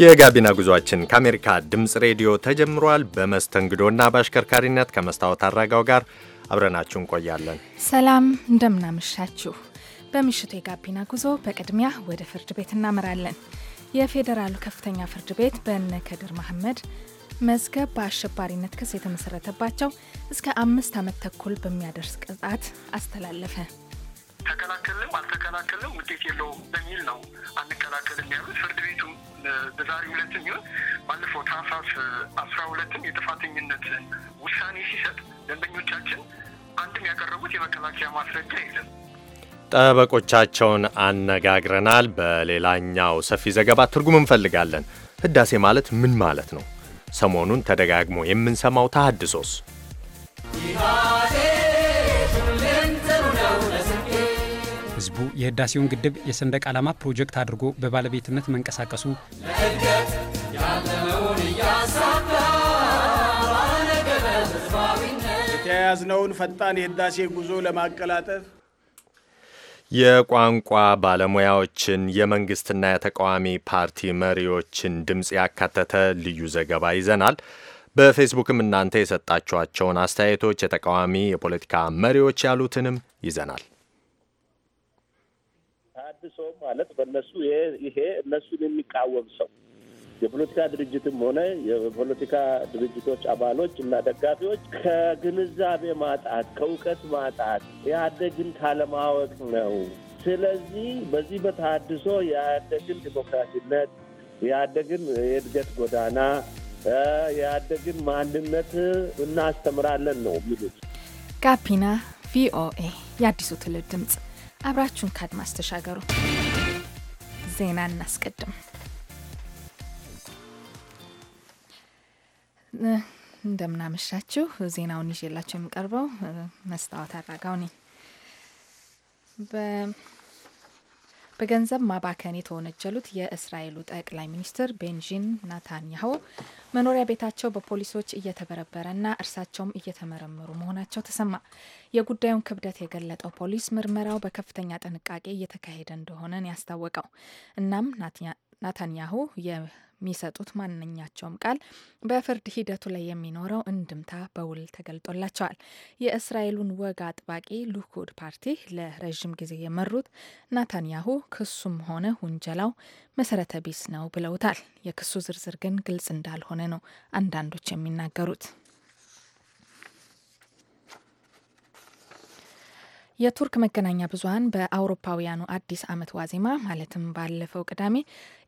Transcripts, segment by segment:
የጋቢና ጉዟችን ከአሜሪካ ድምፅ ሬዲዮ ተጀምሯል። በመስተንግዶና በአሽከርካሪነት ከመስታወት አረጋው ጋር አብረናችሁ እንቆያለን። ሰላም እንደምናመሻችሁ። በምሽቱ የጋቢና ጉዞ በቅድሚያ ወደ ፍርድ ቤት እናመራለን። የፌዴራሉ ከፍተኛ ፍርድ ቤት በእነ ከድር መሐመድ መዝገብ በአሸባሪነት ክስ የተመሰረተባቸው እስከ አምስት ዓመት ተኩል በሚያደርስ ቅጣት አስተላለፈ። ተከላከልም አልተከላከልም ውጤት የለውም በሚል ነው አንከላከልም ያሉት ፍርድ በዛሬ ሁለትም ይሁን ባለፈው ታህሳስ አስራ ሁለትም የጥፋተኝነት ውሳኔ ሲሰጥ ደንበኞቻችን አንድም ያቀረቡት የመከላከያ ማስረጃ የለም። ጠበቆቻቸውን አነጋግረናል። በሌላኛው ሰፊ ዘገባ ትርጉም እንፈልጋለን። ህዳሴ ማለት ምን ማለት ነው? ሰሞኑን ተደጋግሞ የምንሰማው ተሃድሶስ ህዝቡ የህዳሴውን ግድብ የሰንደቅ ዓላማ ፕሮጀክት አድርጎ በባለቤትነት መንቀሳቀሱ ለእድገት የተያያዝነውን ፈጣን የህዳሴ ጉዞ ለማቀላጠፍ የቋንቋ ባለሙያዎችን የመንግስትና የተቃዋሚ ፓርቲ መሪዎችን ድምፅ ያካተተ ልዩ ዘገባ ይዘናል። በፌስቡክም እናንተ የሰጣችኋቸውን አስተያየቶች የተቃዋሚ የፖለቲካ መሪዎች ያሉትንም ይዘናል። ተሀድሶ ማለት በእነሱ ይሄ እነሱን የሚቃወም ሰው የፖለቲካ ድርጅትም ሆነ የፖለቲካ ድርጅቶች አባሎች እና ደጋፊዎች ከግንዛቤ ማጣት ከእውቀት ማጣት ኢህአዴግን ካለማወቅ ነው። ስለዚህ በዚህ በታድሶ የኢህአዴግን ዲሞክራሲነት፣ የኢህአዴግን የእድገት ጎዳና፣ የኢህአዴግን ማንነት እናስተምራለን ነው የሚሉት። ጋቢና ቪኦኤ የአዲሱ ትውልድ ድምፅ አብራችሁን ካድማስ ተሻገሩ። ዜና እናስቀድም። እንደምናመሻችሁ ዜናውን ይዤላቸው የሚቀርበው መስታወት አድራጋው ነኝ። በገንዘብ ማባከን የተወነጀሉት የእስራኤሉ ጠቅላይ ሚኒስትር ቤንጂን ናታንያሁ መኖሪያ ቤታቸው በፖሊሶች እየተበረበረና እርሳቸውም እየተመረመሩ መሆናቸው ተሰማ። የጉዳዩን ክብደት የገለጠው ፖሊስ ምርመራው በከፍተኛ ጥንቃቄ እየተካሄደ እንደሆነን ያስታወቀው እናም ናታንያሁ የሚሰጡት ማንኛቸውም ቃል በፍርድ ሂደቱ ላይ የሚኖረው እንድምታ በውል ተገልጦላቸዋል። የእስራኤሉን ወግ አጥባቂ ሊኩድ ፓርቲ ለረዥም ጊዜ የመሩት ናታንያሁ ክሱም ሆነ ውንጀላው መሰረተ ቢስ ነው ብለውታል። የክሱ ዝርዝር ግን ግልጽ እንዳልሆነ ነው አንዳንዶች የሚናገሩት። የቱርክ መገናኛ ብዙሀን በአውሮፓውያኑ አዲስ ዓመት ዋዜማ ማለትም ባለፈው ቅዳሜ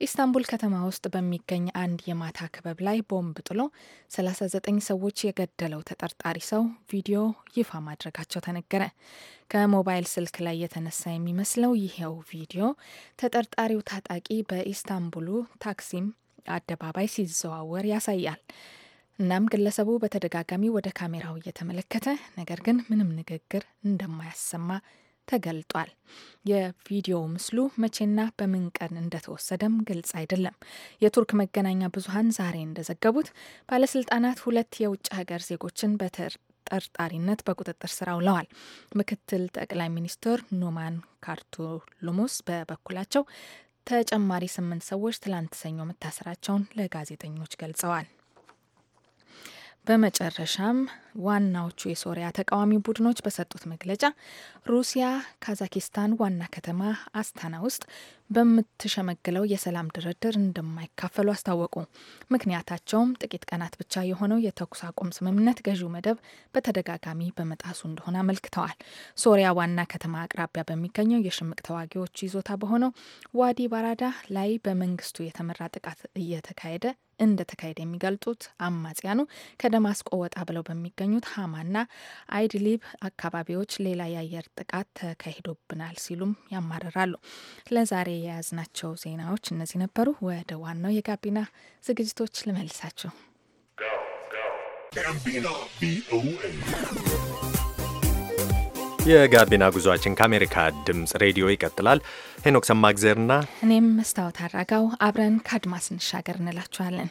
ኢስታንቡል ከተማ ውስጥ በሚገኝ አንድ የማታ ክበብ ላይ ቦምብ ጥሎ 39 ሰዎች የገደለው ተጠርጣሪ ሰው ቪዲዮ ይፋ ማድረጋቸው ተነገረ። ከሞባይል ስልክ ላይ የተነሳ የሚመስለው ይሄው ቪዲዮ ተጠርጣሪው ታጣቂ በኢስታንቡሉ ታክሲም አደባባይ ሲዘዋወር ያሳያል። እናም ግለሰቡ በተደጋጋሚ ወደ ካሜራው እየተመለከተ ነገር ግን ምንም ንግግር እንደማያሰማ ተገልጧል። የቪዲዮ ምስሉ መቼና በምን ቀን እንደተወሰደም ግልጽ አይደለም። የቱርክ መገናኛ ብዙኃን ዛሬ እንደዘገቡት ባለስልጣናት ሁለት የውጭ ሀገር ዜጎችን በተጠርጣሪነት በቁጥጥር ስር አውለዋል። ምክትል ጠቅላይ ሚኒስትር ኑማን ካርቱሉሙስ በበኩላቸው ተጨማሪ ስምንት ሰዎች ትላንት ሰኞ መታሰራቸውን ለጋዜጠኞች ገልጸዋል። በመጨረሻም ዋናዎቹ የሶሪያ ተቃዋሚ ቡድኖች በሰጡት መግለጫ ሩሲያ ካዛኪስታን ዋና ከተማ አስታና ውስጥ በምትሸመግለው የሰላም ድርድር እንደማይካፈሉ አስታወቁ። ምክንያታቸውም ጥቂት ቀናት ብቻ የሆነው የተኩስ አቁም ስምምነት ገዢው መደብ በተደጋጋሚ በመጣሱ እንደሆነ አመልክተዋል። ሶሪያ ዋና ከተማ አቅራቢያ በሚገኘው የሽምቅ ተዋጊዎች ይዞታ በሆነው ዋዲ ባራዳ ላይ በመንግስቱ የተመራ ጥቃት እየተካሄደ እንደተካሄደ የሚገልጡት አማጽያኑ ከደማስቆ ወጣ ብለው በሚገኙ በሚገኙት ሀማና አይድሊብ አካባቢዎች ሌላ የአየር ጥቃት ተካሂዶብናል ሲሉም ያማርራሉ። ለዛሬ የያዝናቸው ዜናዎች እነዚህ ነበሩ። ወደ ዋናው የጋቢና ዝግጅቶች ልመልሳቸው። የጋቢና ጉዟችን ከአሜሪካ ድምፅ ሬዲዮ ይቀጥላል። ሄኖክ ሰማግዜርና እኔም መስታወት አራጋው አብረን ከአድማስ እንሻገር እንላችኋለን።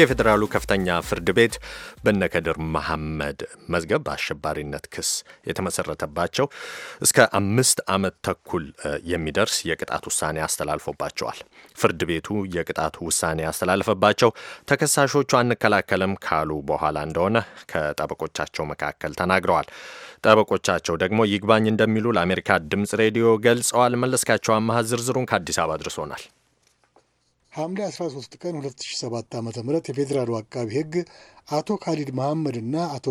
የፌዴራሉ ከፍተኛ ፍርድ ቤት በነከድር መሐመድ መዝገብ በአሸባሪነት ክስ የተመሰረተባቸው እስከ አምስት ዓመት ተኩል የሚደርስ የቅጣት ውሳኔ አስተላልፎባቸዋል። ፍርድ ቤቱ የቅጣት ውሳኔ ያስተላለፈባቸው ተከሳሾቹ አንከላከልም ካሉ በኋላ እንደሆነ ከጠበቆቻቸው መካከል ተናግረዋል። ጠበቆቻቸው ደግሞ ይግባኝ እንደሚሉ ለአሜሪካ ድምፅ ሬዲዮ ገልጸዋል። መለስካቸው አመሀ ዝርዝሩን ከአዲስ አበባ አድርሶናል። ሐምሌ 13 ቀን 2007 ዓ ም የፌዴራሉ አቃቢ ሕግ አቶ ካሊድ መሐመድና አቶ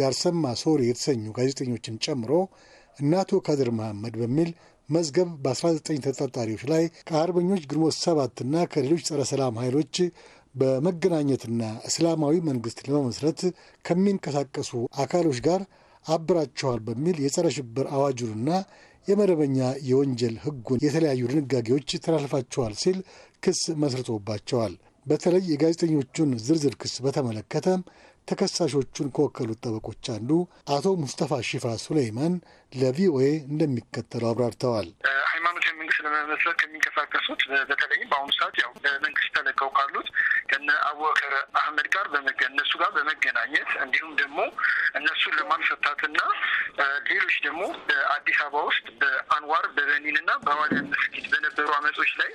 ዳርሰማ ሶሪ የተሰኙ ጋዜጠኞችን ጨምሮ እና አቶ ካድር መሐመድ በሚል መዝገብ በ19 ተጠርጣሪዎች ላይ ከአርበኞች ግንቦት ሰባትና ከሌሎች ጸረ ሰላም ኃይሎች በመገናኘትና እስላማዊ መንግስት ለመመስረት ከሚንቀሳቀሱ አካሎች ጋር አብራቸዋል በሚል የጸረ ሽብር አዋጁንና የመደበኛ የወንጀል ህጉን የተለያዩ ድንጋጌዎች ተላልፋቸዋል ሲል ክስ መስርቶባቸዋል። በተለይ የጋዜጠኞቹን ዝርዝር ክስ በተመለከተ ተከሳሾቹን ከወከሉት ጠበቆች አንዱ አቶ ሙስተፋ ሺፋ ሱሌይማን ለቪኦኤ እንደሚከተለው አብራርተዋል። ሃይማኖት መንግስት ለመመስረት ከሚንቀሳቀሱት በተለይም በአሁኑ ሰዓት ያው አቡበከር አህመድ ጋር እነሱ ጋር በመገናኘት እንዲሁም ደግሞ እነሱን ለማስፈታትና ሌሎች ደግሞ በአዲስ አበባ ውስጥ በአንዋር በበኒንና በአዋሊያ መስጊድ በነበሩ አመጾች ላይ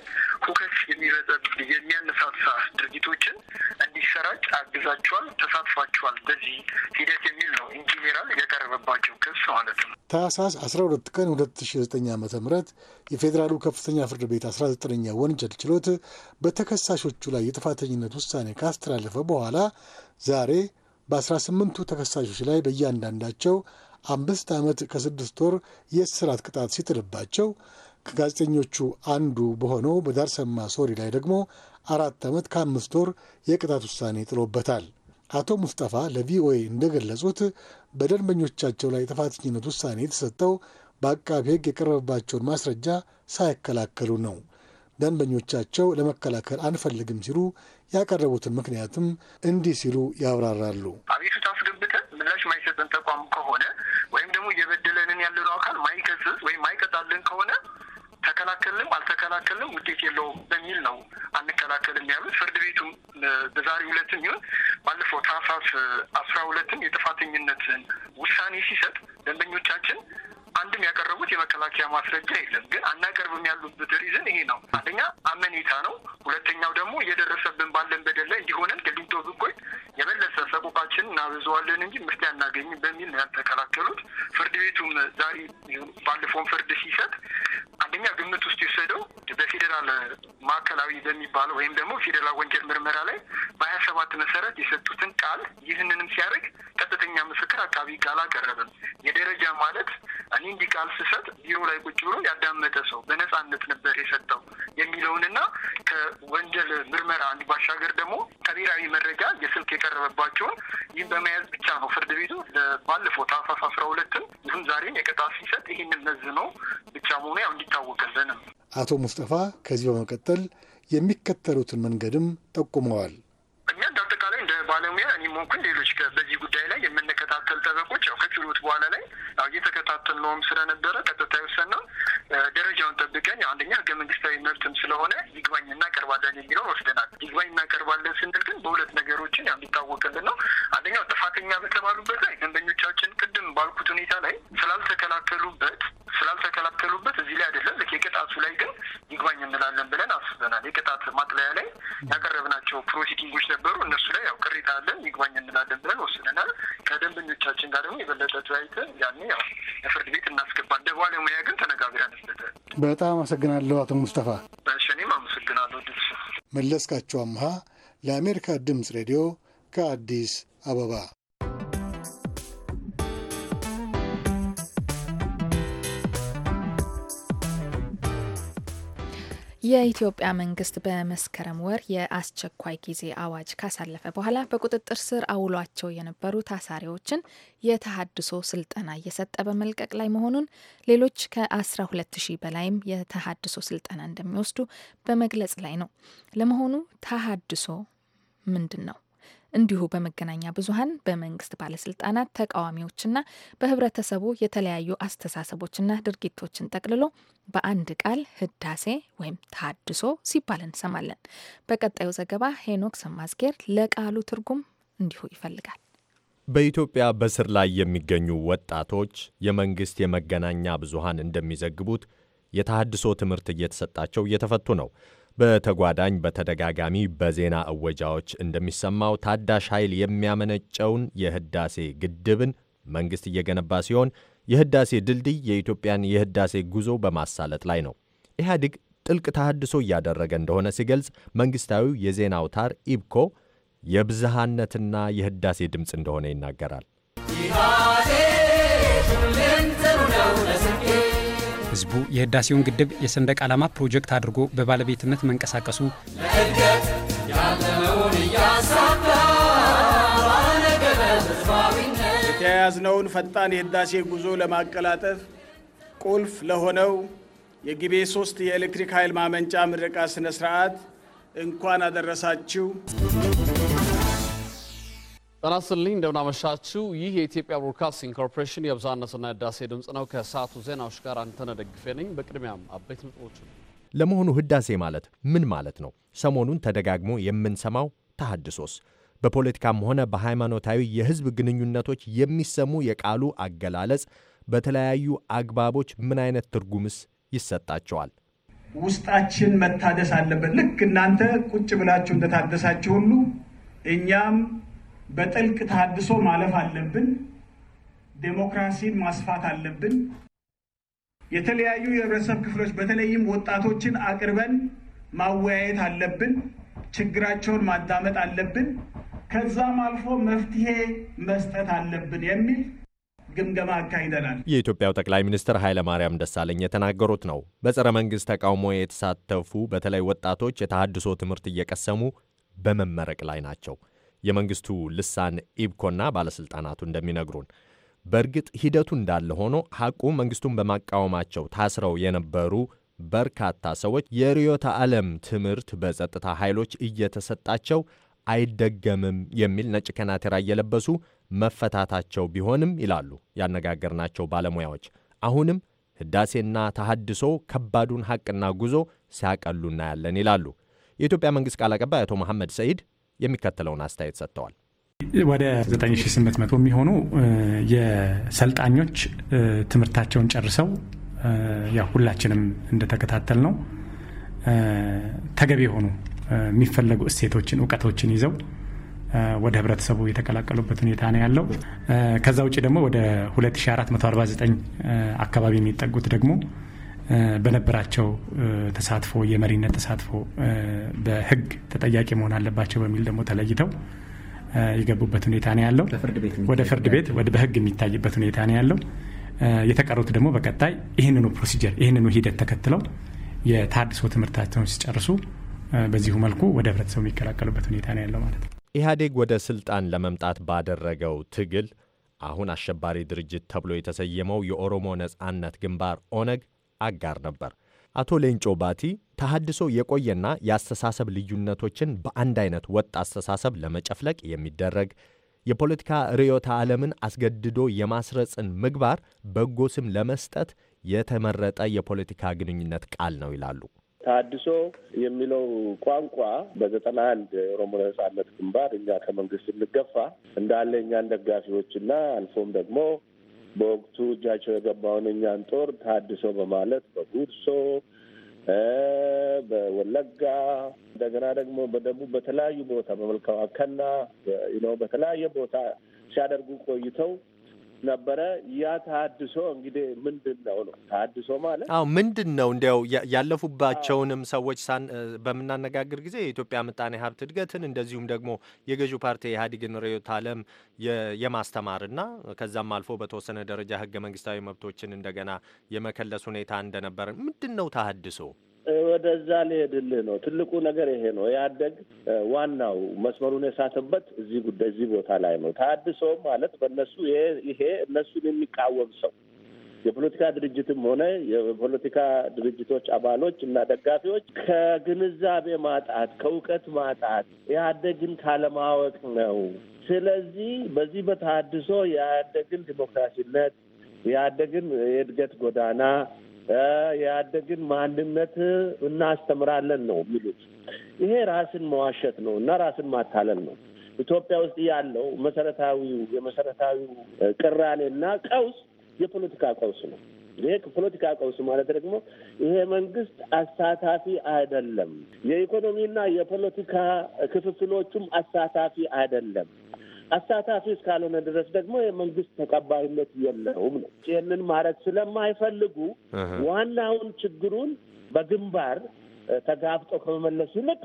ሁከት የሚበጠብ የሚያነሳሳ ድርጊቶችን እንዲሰራጭ አግዛቸዋል፣ ተሳትፏቸዋል በዚህ ሂደት የሚል ነው ኢንጂኔራል የቀረበባቸው ክስ ማለት ነው። ታህሳስ 12 ቀን 2009 ዓ ም የፌዴራሉ ከፍተኛ ፍርድ ቤት 19ኛ ወንጀል ችሎት በተከሳሾቹ ላይ የጥፋተኝነት ውሳኔ ካስተላለፈ በኋላ ዛሬ በ18ቱ ተከሳሾች ላይ በእያንዳንዳቸው አምስት ዓመት ከስድስት ወር የእስራት ቅጣት ሲጥልባቸው ከጋዜጠኞቹ አንዱ በሆነው በዳርሰማ ሶሪ ላይ ደግሞ አራት ዓመት ከአምስት ወር የቅጣት ውሳኔ ጥሎበታል። አቶ ሙስጠፋ ለቪኦኤ እንደገለጹት በደንበኞቻቸው ላይ የጥፋተኝነት ውሳኔ የተሰጠው በአቃቢ ሕግ የቀረበባቸውን ማስረጃ ሳይከላከሉ ነው። ደንበኞቻቸው ለመከላከል አንፈልግም ሲሉ ያቀረቡትን ምክንያትም እንዲህ ሲሉ ያብራራሉ። አቤቱታ አስገብተን ምላሽ ማይሰጠን ተቋም ከሆነ ወይም ደግሞ እየበደለንን ያለነው አካል ማይከስስ ወይም ማይቀጣልን ከሆነ ተከላከልንም አልተከላከልንም ውጤት የለውም በሚል ነው አንከላከልም ያሉት። ፍርድ ቤቱም በዛሬ ሁለትም ይሁን ባለፈው ታህሳስ አስራ ሁለትም የጥፋተኝነትን ውሳኔ ሲሰጥ ደንበኞቻችን አንድም ያቀረቡት የመከላከያ ማስረጃ የለም። ግን አናቀርብም ያሉበት ሪዝን ይሄ ነው። አንደኛ አመኔታ ነው። ሁለተኛው ደግሞ እየደረሰብን ባለን በደል ላይ እንዲሆነን ከሊንቶ ብንቆይ የመለሰ ሰቆቃችን እናብዘዋለን እንጂ ምርት አናገኝም በሚል ነው ያልተከላከሉት። ፍርድ ቤቱም ዛሬ ባለፈውን ፍርድ ሲሰጥ አንደኛ ግምት ውስጥ የወሰደው በፌዴራል ማዕከላዊ በሚባለው ወይም ደግሞ ፌዴራል ወንጀል ምርመራ ላይ በሀያ ሰባት መሰረት የሰጡትን ቃል ይህንንም ሲያደርግ ቀጥተኛ ምስክር አቃቢ ቃል አቀረብም የደረጃ ማለት እኔ እንዲህ ቃል ስሰጥ ቢሮ ላይ ቁጭ ብሎ ያዳመጠ ሰው በነፃነት ነበር የሰጠው የሚለውንና ከወንጀል ምርመራ እንዲህ ባሻገር ደግሞ ከብሔራዊ መረጃ የስልክ የቀረበባቸውን ይህን በመያዝ ብቻ ነው ፍርድ ቤቱ ባለፈው ታህሳስ አስራ ሁለትም ይሁን ዛሬም የቅጣት ሲሰጥ ይህንን መዝኖ ብቻ መሆኑ ያው እንዲታወቅልንም አቶ ሙስጠፋ ከዚህ በመቀጠል የሚከተሉትን መንገድም ጠቁመዋል። ባለሙያ እኔም ሆንኩኝ ሌሎች በዚህ ጉዳይ ላይ የምንከታተል ጠበቆች ያው ከችሎት በኋላ ላይ እየተከታተል ነውም ስለነበረ ቀጥታ የወሰነው ደረጃውን ጠብቀን አንደኛ ህገ መንግስታዊ መብትም ስለሆነ ይግባኝ እናቀርባለን የሚለውን ወስደናል። ይግባኝ እናቀርባለን ስንል ግን በሁለት ነገሮችን ያው የሚታወቅልን ነው። አንደኛው ጥፋተኛ በተባሉበት ላይ ደንበኞቻችን ቅድም ባልኩት ሁኔታ ላይ ስላልተከላከሉበት ስላልተከላከሉበት እዚህ ላይ አይደለም ልክ የቅጣቱ ላይ ግን ይግባኝ እንላለን ብለን አስበናል። የቅጣት ማቅለያ ላይ ያቀረብናቸው ፕሮሲዲንጎች ነበሩ። እነሱ ላይ ያው ቅሬታ ይግባኝ እንላለን ብለን ወስደናል። ከደንበኞቻችን ጋር ደግሞ የበለጠ ተወያይተን ያኔ ያው ፍርድ ቤት እናስገባል። እንደ ባለሙያ ግን ተነጋግረን በጣም አመሰግናለሁ አቶ ሙስጠፋ። እሺ እኔም አመሰግናለሁ። ድምፅ መለስካቸው አምሃ ለአሜሪካ ድምፅ ሬዲዮ ከአዲስ አበባ የኢትዮጵያ መንግስት በመስከረም ወር የአስቸኳይ ጊዜ አዋጅ ካሳለፈ በኋላ በቁጥጥር ስር አውሏቸው የነበሩ ታሳሪዎችን የተሀድሶ ስልጠና እየሰጠ በመልቀቅ ላይ መሆኑን ሌሎች ከ12 ሺህ በላይም የተሀድሶ ስልጠና እንደሚወስዱ በመግለጽ ላይ ነው። ለመሆኑ ተሀድሶ ምንድን ነው? እንዲሁ በመገናኛ ብዙሀን በመንግስት ባለስልጣናት፣ ተቃዋሚዎችና በህብረተሰቡ የተለያዩ አስተሳሰቦችና ድርጊቶችን ጠቅልሎ በአንድ ቃል ህዳሴ ወይም ታድሶ ሲባል እንሰማለን። በቀጣዩ ዘገባ ሄኖክ ሰማዝጌር ለቃሉ ትርጉም እንዲሁ ይፈልጋል። በኢትዮጵያ በስር ላይ የሚገኙ ወጣቶች የመንግስት የመገናኛ ብዙሃን እንደሚዘግቡት የተሃድሶ ትምህርት እየተሰጣቸው እየተፈቱ ነው። በተጓዳኝ በተደጋጋሚ በዜና እወጃዎች እንደሚሰማው ታዳሽ ኃይል የሚያመነጨውን የህዳሴ ግድብን መንግሥት እየገነባ ሲሆን የህዳሴ ድልድይ የኢትዮጵያን የህዳሴ ጉዞ በማሳለጥ ላይ ነው። ኢህአዲግ ጥልቅ ተሃድሶ እያደረገ እንደሆነ ሲገልጽ፣ መንግሥታዊው የዜና አውታር ኢብኮ የብዝሃነትና የህዳሴ ድምፅ እንደሆነ ይናገራል። ህዝቡ የህዳሴውን ግድብ የሰንደቅ ዓላማ ፕሮጀክት አድርጎ በባለቤትነት መንቀሳቀሱ ለእድገት ያለመውን የተያያዝነውን ፈጣን የህዳሴ ጉዞ ለማቀላጠፍ ቁልፍ ለሆነው የጊቤ ሶስት የኤሌክትሪክ ኃይል ማመንጫ ምረቃ ስነ ስርዓት እንኳን አደረሳችሁ። ጤና ይስጥልኝ እንደምናመሻችሁ። ይህ የኢትዮጵያ ብሮድካስቲንግ ኮርፖሬሽን የብዝሃነትና የህዳሴ ድምፅ ነው። ከሰዓቱ ዜናዎች ጋር አንተነህ ደግፌ ነኝ። በቅድሚያም አበይት ነጥቦች። ለመሆኑ ህዳሴ ማለት ምን ማለት ነው? ሰሞኑን ተደጋግሞ የምንሰማው ተሃድሶስ በፖለቲካም ሆነ በሃይማኖታዊ የህዝብ ግንኙነቶች የሚሰሙ የቃሉ አገላለጽ በተለያዩ አግባቦች ምን አይነት ትርጉምስ ይሰጣቸዋል? ውስጣችን መታደስ አለበት። ልክ እናንተ ቁጭ ብላችሁ እንደታደሳችሁ ሁሉ እኛም በጥልቅ ተሃድሶ ማለፍ አለብን። ዴሞክራሲን ማስፋት አለብን። የተለያዩ የህብረተሰብ ክፍሎች በተለይም ወጣቶችን አቅርበን ማወያየት አለብን። ችግራቸውን ማዳመጥ አለብን። ከዛም አልፎ መፍትሄ መስጠት አለብን የሚል ግምገማ አካሂደናል። የኢትዮጵያው ጠቅላይ ሚኒስትር ኃይለማርያም ደሳለኝ የተናገሩት ነው። በጸረ መንግስት ተቃውሞ የተሳተፉ በተለይ ወጣቶች የተሃድሶ ትምህርት እየቀሰሙ በመመረቅ ላይ ናቸው። የመንግስቱ ልሳን ኢብኮና ባለሥልጣናቱ እንደሚነግሩን በእርግጥ ሂደቱ እንዳለ ሆኖ ሐቁ መንግስቱን በማቃወማቸው ታስረው የነበሩ በርካታ ሰዎች የርዕዮተ ዓለም ትምህርት በጸጥታ ኃይሎች እየተሰጣቸው አይደገምም የሚል ነጭ ከናቴራ እየለበሱ መፈታታቸው ቢሆንም ይላሉ ያነጋገርናቸው ባለሙያዎች፣ አሁንም ህዳሴና ተሃድሶ ከባዱን ሐቅና ጉዞ ሲያቀሉ እናያለን ይላሉ። የኢትዮጵያ መንግሥት ቃል አቀባይ አቶ መሐመድ ሰኢድ የሚከተለውን አስተያየት ሰጥተዋል። ወደ 9800 የሚሆኑ የሰልጣኞች ትምህርታቸውን ጨርሰው ያው ሁላችንም እንደተከታተል ነው ተገቢ የሆኑ የሚፈለጉ እሴቶችን እውቀቶችን ይዘው ወደ ህብረተሰቡ የተቀላቀሉበት ሁኔታ ነው ያለው። ከዛ ውጭ ደግሞ ወደ 2449 አካባቢ የሚጠጉት ደግሞ በነበራቸው ተሳትፎ የመሪነት ተሳትፎ በህግ ተጠያቂ መሆን አለባቸው በሚል ደግሞ ተለይተው የገቡበት ሁኔታ ነው ያለው። ወደ ፍርድ ቤት ወደ የሚታይበት ሁኔታ ነው ያለው። የተቀሩት ደግሞ በቀጣይ ይህንኑ ፕሮሲጀር ይህንኑ ሂደት ተከትለው የታድሶ ትምህርታቸውን ሲጨርሱ በዚሁ መልኩ ወደ ህብረተሰቡ የሚቀላቀሉበት ሁኔታ ነው ያለው ማለት ነው። ኢህአዴግ ወደ ስልጣን ለመምጣት ባደረገው ትግል አሁን አሸባሪ ድርጅት ተብሎ የተሰየመው የኦሮሞ ነጻነት ግንባር ኦነግ አጋር ነበር። አቶ ሌንጮ ባቲ ተሃድሶ የቆየና የአስተሳሰብ ልዩነቶችን በአንድ አይነት ወጥ አስተሳሰብ ለመጨፍለቅ የሚደረግ የፖለቲካ ርዕዮተ ዓለምን አስገድዶ የማስረጽን ምግባር በጎ ስም ለመስጠት የተመረጠ የፖለቲካ ግንኙነት ቃል ነው ይላሉ። ተሃድሶ የሚለው ቋንቋ በዘጠና አንድ የኦሮሞ ነጻነት ግንባር እኛ ከመንግስት እንገፋ እንዳለ እኛን ደጋፊዎችና አልፎም ደግሞ በወቅቱ እጃቸው የገባውን እኛን ጦር ታድሶ በማለት በጉድሶ በወለጋ እንደገና ደግሞ በደቡብ በተለያዩ ቦታ በመልካ ከና ነው በተለያየ ቦታ ሲያደርጉ ቆይተው ነበረ። ያ ተሀድሶ እንግዲህ ምንድን ነው ነው ተሀድሶ ማለት አዎ፣ ምንድን ነው እንዲያው ያለፉባቸውንም ሰዎች በምናነጋግር ጊዜ የኢትዮጵያ ምጣኔ ሀብት እድገትን እንደዚሁም ደግሞ የገዢው ፓርቲ ኢህአዴግን ርዕዮተ ዓለም የማስተማርና ከዛም አልፎ በተወሰነ ደረጃ ህገ መንግስታዊ መብቶችን እንደገና የመከለስ ሁኔታ እንደነበረ ምንድን ነው ተሀድሶ? ወደዛ ሊሄድልህ ነው። ትልቁ ነገር ይሄ ነው። ያደግ ዋናው መስመሩን የሳተበት እዚህ ጉዳይ እዚህ ቦታ ላይ ነው። ታድሶ ማለት በእነሱ ይሄ እነሱን የሚቃወም ሰው የፖለቲካ ድርጅትም ሆነ የፖለቲካ ድርጅቶች አባሎች እና ደጋፊዎች ከግንዛቤ ማጣት ከእውቀት ማጣት ኢህአዴግን ካለማወቅ ነው። ስለዚህ በዚህ በተሃድሶ የኢህአዴግን ዲሞክራሲነት የያደግን የእድገት ጎዳና የአደግን ማንነት እናስተምራለን ነው የሚሉት። ይሄ ራስን መዋሸት ነው እና ራስን ማታለል ነው። ኢትዮጵያ ውስጥ ያለው መሰረታዊው የመሰረታዊው እና ቀውስ የፖለቲካ ቀውስ ነው። ይሄ ፖለቲካ ቀውስ ማለት ደግሞ ይሄ መንግስት አሳታፊ አይደለም፣ የኢኮኖሚና የፖለቲካ ክፍፍሎቹም አሳታፊ አይደለም። አሳታፊ እስካልሆነ ድረስ ደግሞ የመንግስት ተቀባይነት የለውም ነው። ይህንን ማድረግ ስለማይፈልጉ ዋናውን ችግሩን በግንባር ተጋፍጦ ከመመለሱ ይልቅ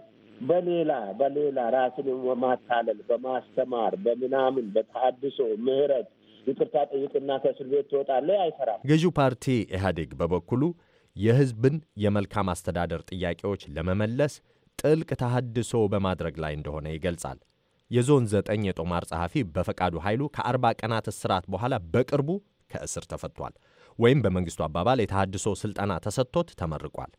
በሌላ በሌላ ራስን በማታለል በማስተማር በምናምን በተሀድሶ ምህረት፣ ይቅርታ ጠይቅና ከእስር ቤት ትወጣለ አይሰራም። ገዢው ፓርቲ ኢህአዴግ በበኩሉ የህዝብን የመልካም አስተዳደር ጥያቄዎች ለመመለስ ጥልቅ ተሀድሶ በማድረግ ላይ እንደሆነ ይገልጻል። የዞን ዘጠኝ የጦማር ጸሐፊ በፈቃዱ ኃይሉ ከአርባ ቀናት እስራት በኋላ በቅርቡ ከእስር ተፈቷል። ወይም በመንግስቱ አባባል የተሃድሶ ስልጠና ተሰጥቶት ተመርቋል።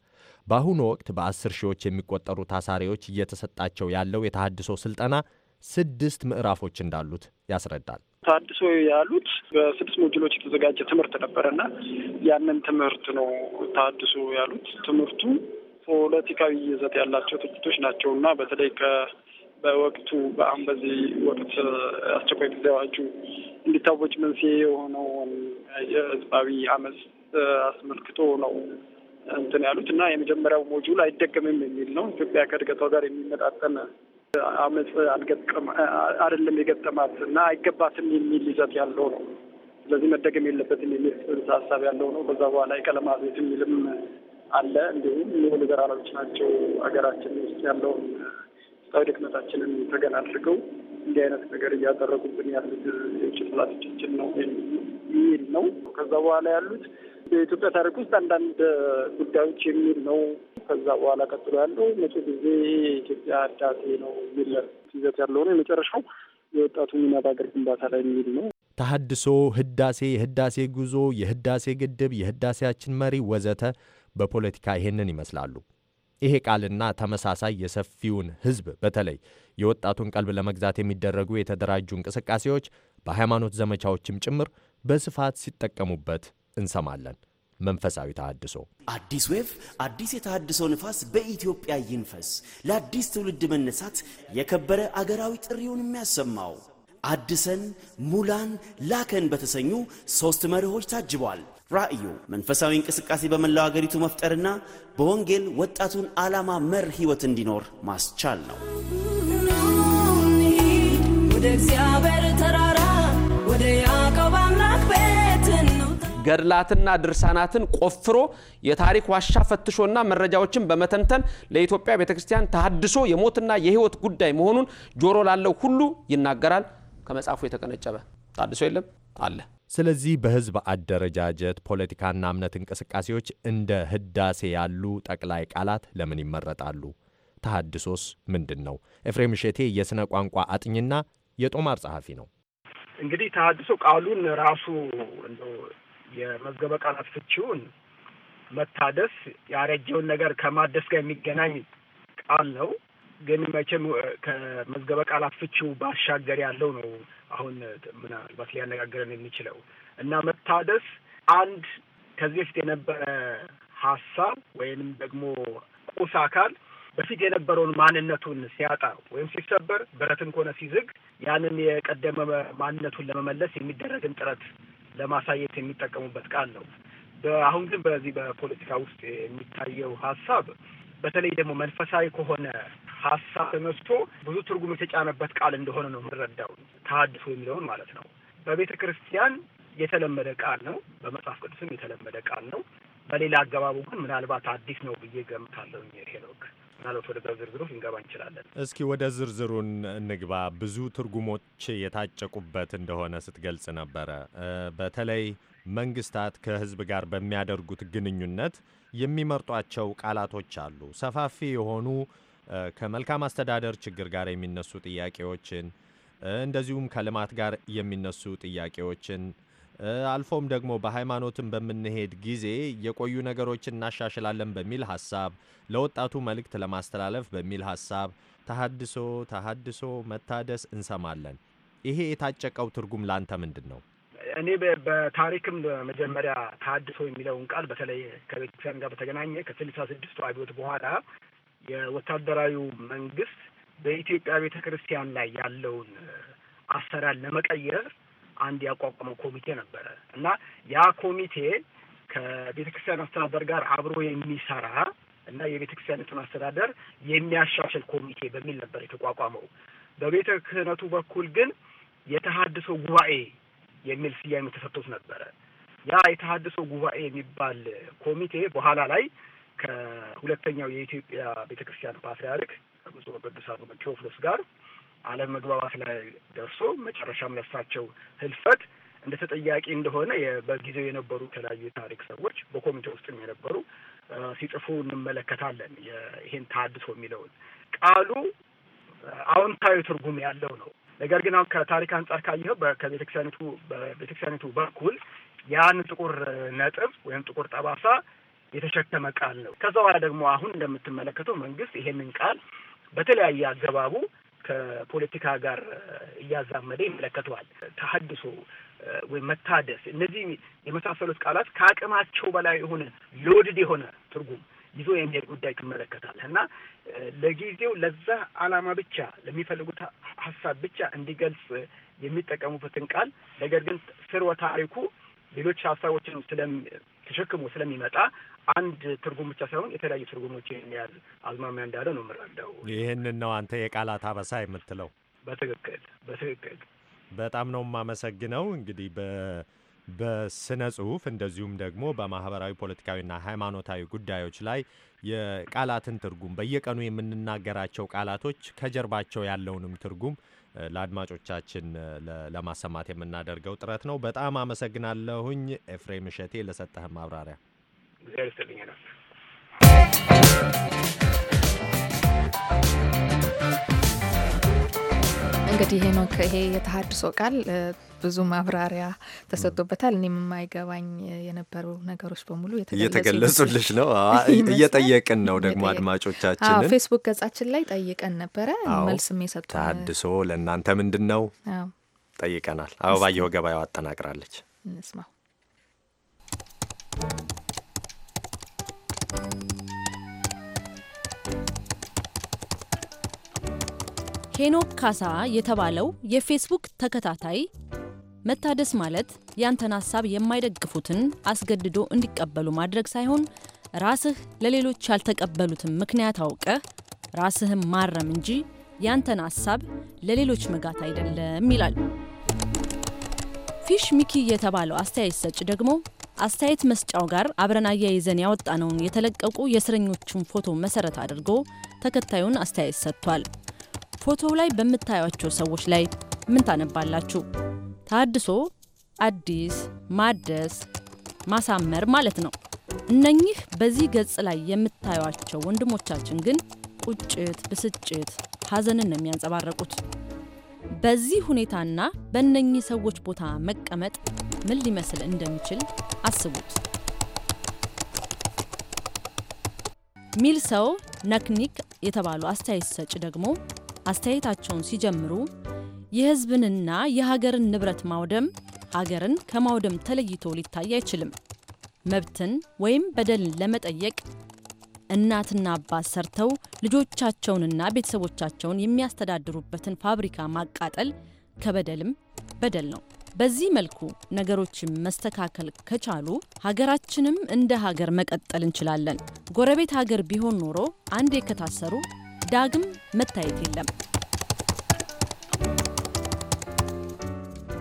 በአሁኑ ወቅት በአስር ሺዎች የሚቆጠሩ ታሳሪዎች እየተሰጣቸው ያለው የተሃድሶ ስልጠና ስድስት ምዕራፎች እንዳሉት ያስረዳል። ታድሶ ያሉት በስድስት ሞጁሎች የተዘጋጀ ትምህርት ነበረና ያንን ትምህርት ነው ታድሶ ያሉት። ትምህርቱ ፖለቲካዊ ይዘት ያላቸው ትችቶች ናቸው እና በተለይ ከ በወቅቱ በአሁን በዚህ ወቅት አስቸኳይ ጊዜ አዋጁ እንዲታወጅ መንስኤ የሆነውን የህዝባዊ አመፅ አስመልክቶ ነው እንትን ያሉት እና የመጀመሪያው ሞጁል አይደገምም የሚል ነው። ኢትዮጵያ ከእድገቷ ጋር የሚመጣጠን አመፅ አይደለም የገጠማት እና አይገባትም የሚል ይዘት ያለው ነው። ስለዚህ መደገም የለበትም የሚል ጽንሰ ሀሳብ ያለው ነው። ከዛ በኋላ የቀለማ ቤት የሚልም አለ። እንዲሁም ሊበራሎች ናቸው ሀገራችን ውስጥ ያለውን ውስጣዊ ድክመታችንን ተገን አድርገው እንዲህ አይነት ነገር እያደረጉብን ያሉት የውጭ ነው የሚል ነው። ከዛ በኋላ ያሉት በኢትዮጵያ ታሪክ ውስጥ አንዳንድ ጉዳዮች የሚል ነው። ከዛ በኋላ ቀጥሎ ያለው መቼ ጊዜ የኢትዮጵያ ህዳሴ ነው የሚል ይዘት ያለው ነው። የመጨረሻው የወጣቱ ሚና በሀገር ግንባታ ላይ የሚል ነው። ተሀድሶ፣ ህዳሴ፣ የህዳሴ ጉዞ፣ የህዳሴ ግድብ፣ የህዳሴያችን መሪ ወዘተ በፖለቲካ ይሄንን ይመስላሉ። ይሄ ቃልና ተመሳሳይ የሰፊውን ሕዝብ በተለይ የወጣቱን ቀልብ ለመግዛት የሚደረጉ የተደራጁ እንቅስቃሴዎች በሃይማኖት ዘመቻዎችም ጭምር በስፋት ሲጠቀሙበት እንሰማለን። መንፈሳዊ ተሃድሶ አዲስ ዌቭ አዲስ የተሃድሶ ንፋስ በኢትዮጵያ ይንፈስ። ለአዲስ ትውልድ መነሳት የከበረ አገራዊ ጥሪውን የሚያሰማው አድሰን ሙላን ላከን በተሰኙ ሦስት መርሆች ታጅቧል። ራእዩ መንፈሳዊ እንቅስቃሴ በመላው አገሪቱ መፍጠርና በወንጌል ወጣቱን ዓላማ መር ሕይወት እንዲኖር ማስቻል ነው። ወደ እግዚአብሔር ተራራ ወደ ያዕቆብ አምላክ ገድላትና ድርሳናትን ቆፍሮ የታሪክ ዋሻ ፈትሾና መረጃዎችን በመተንተን ለኢትዮጵያ ቤተ ክርስቲያን ተሃድሶ የሞትና የሕይወት ጉዳይ መሆኑን ጆሮ ላለው ሁሉ ይናገራል። ከመጽሐፉ የተቀነጨበ ታድሶ የለም አለ። ስለዚህ በሕዝብ አደረጃጀት፣ ፖለቲካና እምነት እንቅስቃሴዎች እንደ ህዳሴ ያሉ ጠቅላይ ቃላት ለምን ይመረጣሉ? ተሐድሶስ ምንድን ነው? ኤፍሬም እሸቴ የሥነ ቋንቋ አጥኝና የጦማር ጸሐፊ ነው። እንግዲህ ተሐድሶ ቃሉን ራሱ የመዝገበ ቃላት ፍቺውን መታደስ ያረጀውን ነገር ከማደስ ጋር የሚገናኝ ቃል ነው። ግን መቼም ከመዝገበ ቃላት ፍቺው ባሻገር ያለው ነው አሁን ምናልባት ሊያነጋግረን የሚችለው እና መታደስ አንድ ከዚህ በፊት የነበረ ሀሳብ ወይንም ደግሞ ቁስ አካል በፊት የነበረውን ማንነቱን ሲያጣ ወይም ሲሰበር ብረትን ከሆነ ሲዝግ ያንን የቀደመ ማንነቱን ለመመለስ የሚደረግን ጥረት ለማሳየት የሚጠቀሙበት ቃል ነው። አሁን ግን በዚህ በፖለቲካ ውስጥ የሚታየው ሀሳብ በተለይ ደግሞ መንፈሳዊ ከሆነ ሀሳብ ተነስቶ ብዙ ትርጉም የተጫነበት ቃል እንደሆነ ነው የምንረዳው። ተሐድሶ የሚለውን ማለት ነው። በቤተ ክርስቲያን የተለመደ ቃል ነው። በመጽሐፍ ቅዱስም የተለመደ ቃል ነው። በሌላ አገባቡ ግን ምናልባት አዲስ ነው ብዬ ገምታለሁ። ሄኖክ ምናልባት ወደ ዝርዝሩ ልንገባ እንችላለን። እስኪ ወደ ዝርዝሩን እንግባ። ብዙ ትርጉሞች የታጨቁበት እንደሆነ ስትገልጽ ነበረ። በተለይ መንግስታት ከህዝብ ጋር በሚያደርጉት ግንኙነት የሚመርጧቸው ቃላቶች አሉ። ሰፋፊ የሆኑ ከመልካም አስተዳደር ችግር ጋር የሚነሱ ጥያቄዎችን እንደዚሁም ከልማት ጋር የሚነሱ ጥያቄዎችን አልፎም ደግሞ በሃይማኖትን በምንሄድ ጊዜ የቆዩ ነገሮችን እናሻሽላለን በሚል ሀሳብ ለወጣቱ መልእክት ለማስተላለፍ በሚል ሀሳብ ተሀድሶ ተሀድሶ መታደስ እንሰማለን። ይሄ የታጨቀው ትርጉም ላንተ ምንድን ነው? እኔ በታሪክም መጀመሪያ ተሀድሶ የሚለውን ቃል በተለይ ከቤተክርስቲያን ጋር በተገናኘ ከስልሳ ስድስቱ አብዮት በኋላ የወታደራዊ መንግስት በኢትዮጵያ ቤተ ክርስቲያን ላይ ያለውን አሰራር ለመቀየር አንድ ያቋቋመው ኮሚቴ ነበረ እና ያ ኮሚቴ ከቤተ ክርስቲያን አስተዳደር ጋር አብሮ የሚሰራ እና የቤተ ክርስቲያኒቱን አስተዳደር የሚያሻሽል ኮሚቴ በሚል ነበር የተቋቋመው። በቤተ ክህነቱ በኩል ግን የተሀድሶ ጉባኤ የሚል ስያሜ ተሰጥቶት ነበረ። ያ የተሀድሶ ጉባኤ የሚባል ኮሚቴ በኋላ ላይ ከሁለተኛው የኢትዮጵያ ቤተ ክርስቲያን ፓትርያርክ ከብፁዕ ወቅዱስ አቡነ ቴዎፍሎስ ጋር አለመግባባት ላይ ደርሶ መጨረሻም ለሳቸው ህልፈት እንደ ተጠያቂ እንደሆነ በጊዜው የነበሩ የተለያዩ የታሪክ ሰዎች በኮሚቴ ውስጥም የነበሩ ሲጽፉ እንመለከታለን። ይሄን ታድሶ የሚለውን ቃሉ አዎንታዊ ትርጉም ያለው ነው። ነገር ግን አሁን ከታሪክ አንጻር ካየኸው ከቤተክርስቲያኒቱ በቤተክርስቲያኒቱ በኩል ያን ጥቁር ነጥብ ወይም ጥቁር ጠባሳ የተሸከመ ቃል ነው። ከዛ በኋላ ደግሞ አሁን እንደምትመለከተው መንግስት ይሄንን ቃል በተለያየ አገባቡ ከፖለቲካ ጋር እያዛመደ ይመለከተዋል። ተሀድሶ ወይም መታደስ፣ እነዚህ የመሳሰሉት ቃላት ከአቅማቸው በላይ የሆነ ሎድድ የሆነ ትርጉም ይዞ የሚሄድ ጉዳይ ትመለከታል እና ለጊዜው ለዛ አላማ ብቻ ለሚፈልጉት ሀሳብ ብቻ እንዲገልጽ የሚጠቀሙበትን ቃል ነገር ግን ስርወ ታሪኩ ሌሎች ሀሳቦችን ስለም ተሸክሞ ስለሚመጣ አንድ ትርጉም ብቻ ሳይሆን የተለያዩ ትርጉሞች የሚያዝ አዝማሚያ እንዳለ ነው የምረዳው። ይህንን ነው አንተ የቃላት አበሳ የምትለው። በትክክል በትክክል። በጣም ነው የማመሰግነው። እንግዲህ በስነ ጽሁፍ እንደዚሁም ደግሞ በማህበራዊ ፖለቲካዊና ሃይማኖታዊ ጉዳዮች ላይ የቃላትን ትርጉም በየቀኑ የምንናገራቸው ቃላቶች ከጀርባቸው ያለውንም ትርጉም ለአድማጮቻችን ለማሰማት የምናደርገው ጥረት ነው። በጣም አመሰግናለሁኝ ኤፍሬም እሸቴ ለሰጠህ ማብራሪያ። እግዚአብሔር ይስጥልኝ ነው። እንግዲህ ሄኖክ ይሄ የተሀድሶ ቃል ብዙ ማብራሪያ ተሰጥቶበታል። እኔም የማይገባኝ የነበሩ ነገሮች በሙሉ እየተገለጹልሽ ነው። እየጠየቅን ነው ደግሞ አድማጮቻችን ፌስቡክ ገጻችን ላይ ጠይቀን ነበረ። መልስም የሰጡ ተሀድሶ ለእናንተ ምንድን ነው ጠይቀናል። አበባየሁ ገበያው አጠናቅራለች። እንስማው። ኬኖክ ካሳ የተባለው የፌስቡክ ተከታታይ መታደስ ማለት ያንተን ሀሳብ የማይደግፉትን አስገድዶ እንዲቀበሉ ማድረግ ሳይሆን ራስህ ለሌሎች ያልተቀበሉትን ምክንያት አውቀህ ራስህን ማረም እንጂ ያንተን ሀሳብ ለሌሎች መጋት አይደለም ይላል። ፊሽ ሚኪ የተባለው አስተያየት ሰጭ ደግሞ አስተያየት መስጫው ጋር አብረን አያይዘን ያወጣነውን የተለቀቁ የእስረኞቹን ፎቶ መሰረት አድርጎ ተከታዩን አስተያየት ሰጥቷል። ፎቶው ላይ በምታዩቸው ሰዎች ላይ ምን ታነባላችሁ? ታድሶ፣ አዲስ፣ ማደስ፣ ማሳመር ማለት ነው። እነኚህ በዚህ ገጽ ላይ የምታዩቸው ወንድሞቻችን ግን ቁጭት፣ ብስጭት፣ ሀዘንን ነው የሚያንጸባረቁት። በዚህ ሁኔታና በእነኚህ ሰዎች ቦታ መቀመጥ ምን ሊመስል እንደሚችል አስቡት። ሚል ሰው ነክኒክ የተባሉ አስተያየት ሰጭ ደግሞ አስተያየታቸውን ሲጀምሩ የሕዝብንና የሀገርን ንብረት ማውደም ሀገርን ከማውደም ተለይቶ ሊታይ አይችልም። መብትን ወይም በደልን ለመጠየቅ እናትና አባት ሰርተው ልጆቻቸውንና ቤተሰቦቻቸውን የሚያስተዳድሩበትን ፋብሪካ ማቃጠል ከበደልም በደል ነው። በዚህ መልኩ ነገሮችን መስተካከል ከቻሉ ሀገራችንም እንደ ሀገር መቀጠል እንችላለን። ጎረቤት ሀገር ቢሆን ኖሮ አንድ የከታሰሩ ዳግም መታየት የለም።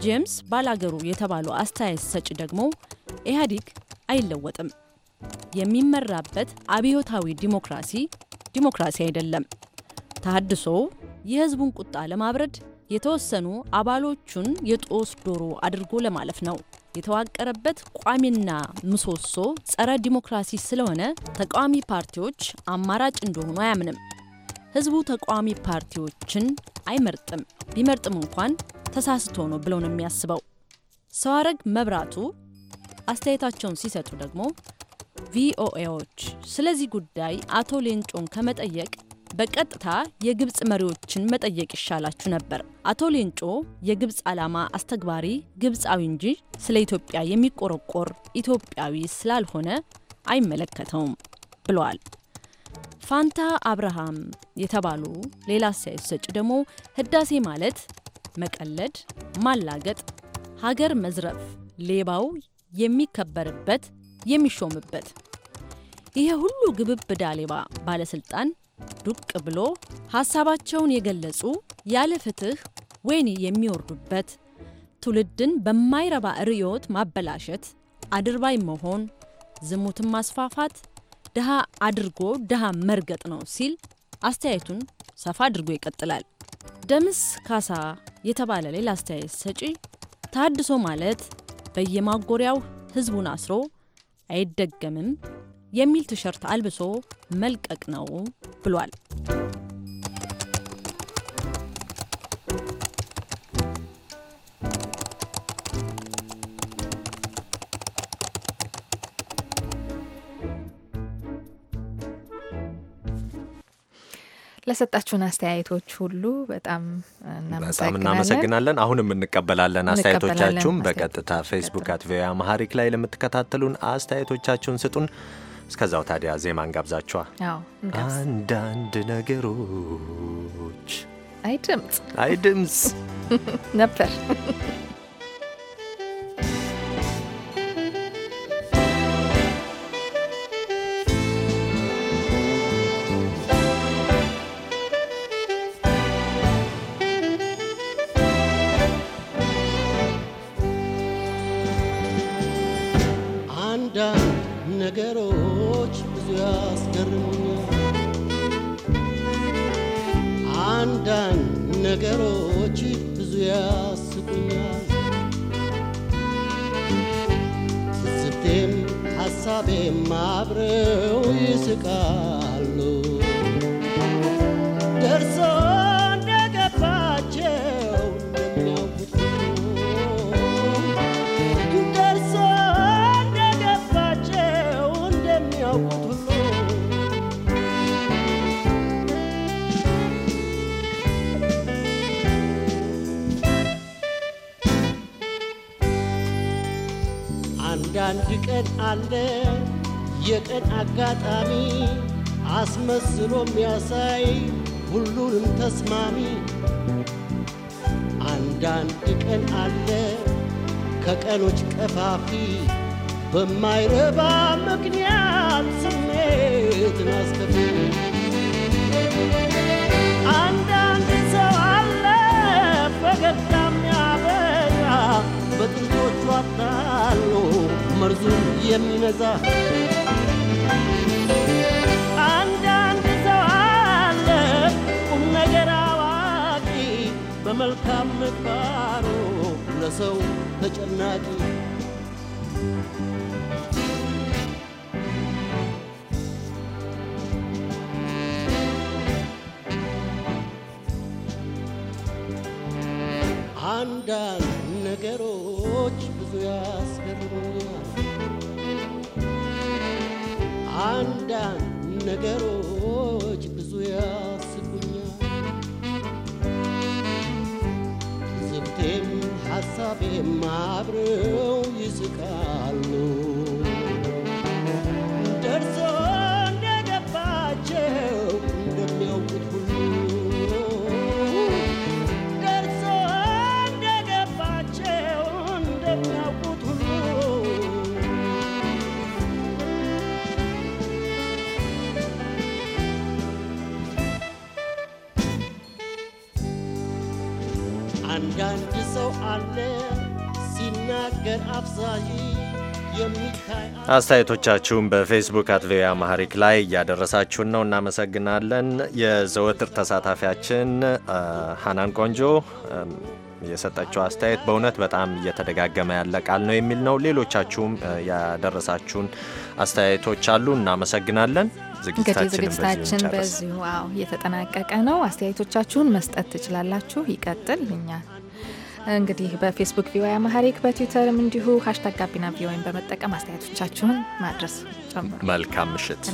ጄምስ ባላገሩ የተባለው አስተያየት ሰጪ ደግሞ ኢህአዴግ አይለወጥም፣ የሚመራበት አብዮታዊ ዲሞክራሲ ዲሞክራሲ አይደለም፣ ተሃድሶ የህዝቡን ቁጣ ለማብረድ የተወሰኑ አባሎቹን የጦስ ዶሮ አድርጎ ለማለፍ ነው የተዋቀረበት ቋሚና ምሰሶ ጸረ ዲሞክራሲ ስለሆነ ተቃዋሚ ፓርቲዎች አማራጭ እንደሆኑ አያምንም። ህዝቡ ተቃዋሚ ፓርቲዎችን አይመርጥም፣ ቢመርጥም እንኳን ተሳስቶ ነው ብለው ነው የሚያስበው። ሰዋረግ መብራቱ አስተያየታቸውን ሲሰጡ ደግሞ ቪኦኤዎች ስለዚህ ጉዳይ አቶ ሌንጮን ከመጠየቅ በቀጥታ የግብፅ መሪዎችን መጠየቅ ይሻላችሁ ነበር። አቶ ሌንጮ የግብፅ ዓላማ አስተግባሪ ግብፃዊ እንጂ ስለ ኢትዮጵያ የሚቆረቆር ኢትዮጵያዊ ስላልሆነ አይመለከተውም ብለዋል። ፋንታ አብርሃም የተባሉ ሌላ አስተያየት ሰጭ ደግሞ ህዳሴ ማለት መቀለድ፣ ማላገጥ፣ ሀገር መዝረፍ፣ ሌባው የሚከበርበት የሚሾምበት ይሄ ሁሉ ግብብዳ ሌባ ባለስልጣን ዱቅ ብሎ ሀሳባቸውን የገለጹ ያለ ፍትህ ወይን የሚወርዱበት ትውልድን በማይረባ ርዕዮት ማበላሸት፣ አድርባይ መሆን፣ ዝሙትን ማስፋፋት ድሃ አድርጎ ድሃ መርገጥ ነው ሲል አስተያየቱን ሰፋ አድርጎ ይቀጥላል። ደምስ ካሳ የተባለ ሌላ አስተያየት ሰጪ ታድሶ ማለት በየማጎሪያው ህዝቡን አስሮ አይደገምም የሚል ቲሸርት አልብሶ መልቀቅ ነው ብሏል። ለሰጣችሁን አስተያየቶች ሁሉ በጣም በጣም እናመሰግናለን። አሁንም እንቀበላለን። አስተያየቶቻችሁም በቀጥታ ፌስቡክ አት ቪኦኤ አማሃሪክ ላይ ለምትከታተሉን አስተያየቶቻችሁን ስጡን። እስከዛው ታዲያ ዜማ እንጋብዛችኋ። አንዳንድ ነገሮች አይ ድምፅ አይ ድምፅ ነበር sabe mabreu e se calou. መንገድ አለ የቀን አጋጣሚ አስመስሎ የሚያሳይ ሁሉንም ተስማሚ። አንዳንድ ቀን አለ ከቀኖች ቀፋፊ በማይረባ ምክንያት ስሜት አስከፊ። አንዳንድ ሰው አለ ፈገግታ የሚያበራ በጥንቶቹ አታሎ መርዙን የሚነዛ አንዳንድ ሰው አለ ቁም ነገር አዋቂ በመልካም ምግባሩ ለሰው ተጨናቂ አንዳንድ ነገሮች ብዙ ያስገርሙኛል። አንዳንድ ነገሮች ብዙ ያስቁኛል። ዝብቴም አብረው ይስቃሉ። አስተያየቶቻችሁን በፌስቡክ አት ቪኦኤ አማሪክ ላይ እያደረሳችሁን ነው፣ እናመሰግናለን። የዘወትር ተሳታፊያችን ሀናን ቆንጆ የሰጠችው አስተያየት በእውነት በጣም እየተደጋገመ ያለ ቃል ነው የሚል ነው። ሌሎቻችሁም ያደረሳችሁን አስተያየቶች አሉ፣ እናመሰግናለን። እንግዲህ ዝግጅታችን በዚሁ እየተጠናቀቀ ነው። አስተያየቶቻችሁን መስጠት ትችላላችሁ። ይቀጥል እኛ እንግዲህ በፌስቡክ ቪኦኤ አማሪክ በትዊተርም እንዲሁ ሀሽታግ ጋቢና ቪኦኤን በመጠቀም አስተያየቶቻችሁን ማድረስ ጀምሩ። መልካም ምሽት።